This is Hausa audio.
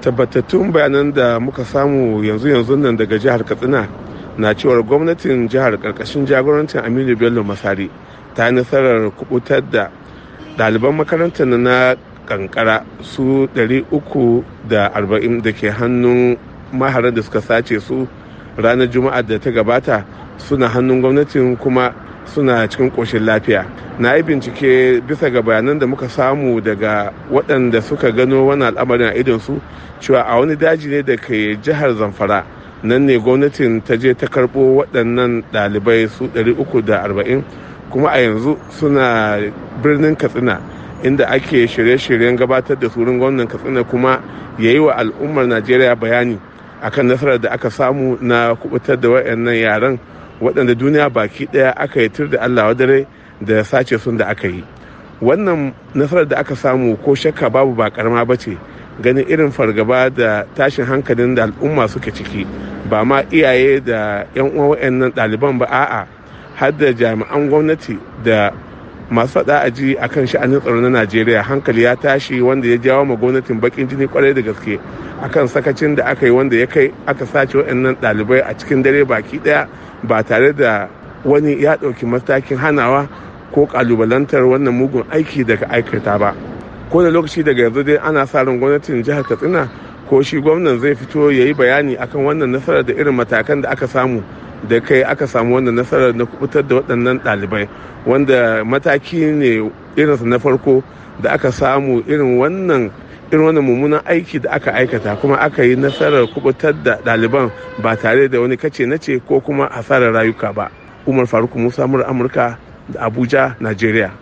tabbatattun bayanan da muka samu yanzu yanzu nan daga jihar katsina na cewar gwamnatin jihar karkashin jagorancin aminu bello masari ta yi nasarar kubutar da ɗaliban makarantar na kankara su 340 da ke hannun maharar da suka sace su ranar juma'a da ta gabata suna hannun gwamnatin kuma suna cikin ƙoshin lafiya na yi bincike bisa ga bayanan da muka samu daga waɗanda suka gano wani al'amarin a idonsu cewa a wani daji ne da ke jihar zamfara nan ne gwamnatin ta je ta karɓo waɗannan ɗalibai su 340 kuma a yanzu suna birnin katsina inda ake shirye-shiryen gabatar da surin gwamnan katsina kuma ya yi wa al'ummar najeriya bayani akan nasarar da aka samu na kubutar da waɗannan yaran waɗanda duniya baki ɗaya aka yi tur da allah dare da ya sace sun da aka yi wannan nasarar da aka samu ko shakka babu ba karama ba ce ganin irin fargaba da tashin hankalin da al'umma suke ciki ba ma iyaye da 'yan uwa waɗannan ɗaliban ba a'a har da jami'an gwamnati da masu faɗa a ji a kan sha'anin tsaro na najeriya hankali ya tashi wanda ya jawo ma gwamnatin bakin jini kwarai da gaske a kan sakacin da aka yi wanda ya kai aka sace waɗannan ɗalibai a cikin dare baki ɗaya ba tare da wani ya ɗauki matakin hanawa ko ƙalubalantar wannan mugun aiki daga aikata ba ko da lokaci daga yanzu dai ana sa ran gwamnatin jihar katsina ko shi gwamnan zai fito ya yi bayani akan wannan nasarar da irin matakan da aka samu da kai aka samu wannan nasarar na kubutar da waɗannan ɗalibai wanda mataki ne irinsa na farko da aka samu irin wannan irin wannan mummunan aiki da aka aikata kuma aka yi nasarar kubutar da ɗaliban ba tare da wani kace na ce ko kuma hasarar rayuka ba umar faruk musa amurka da abuja nigeria